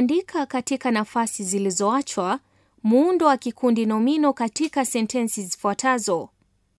Andika katika nafasi zilizoachwa muundo wa kikundi nomino katika sentensi zifuatazo.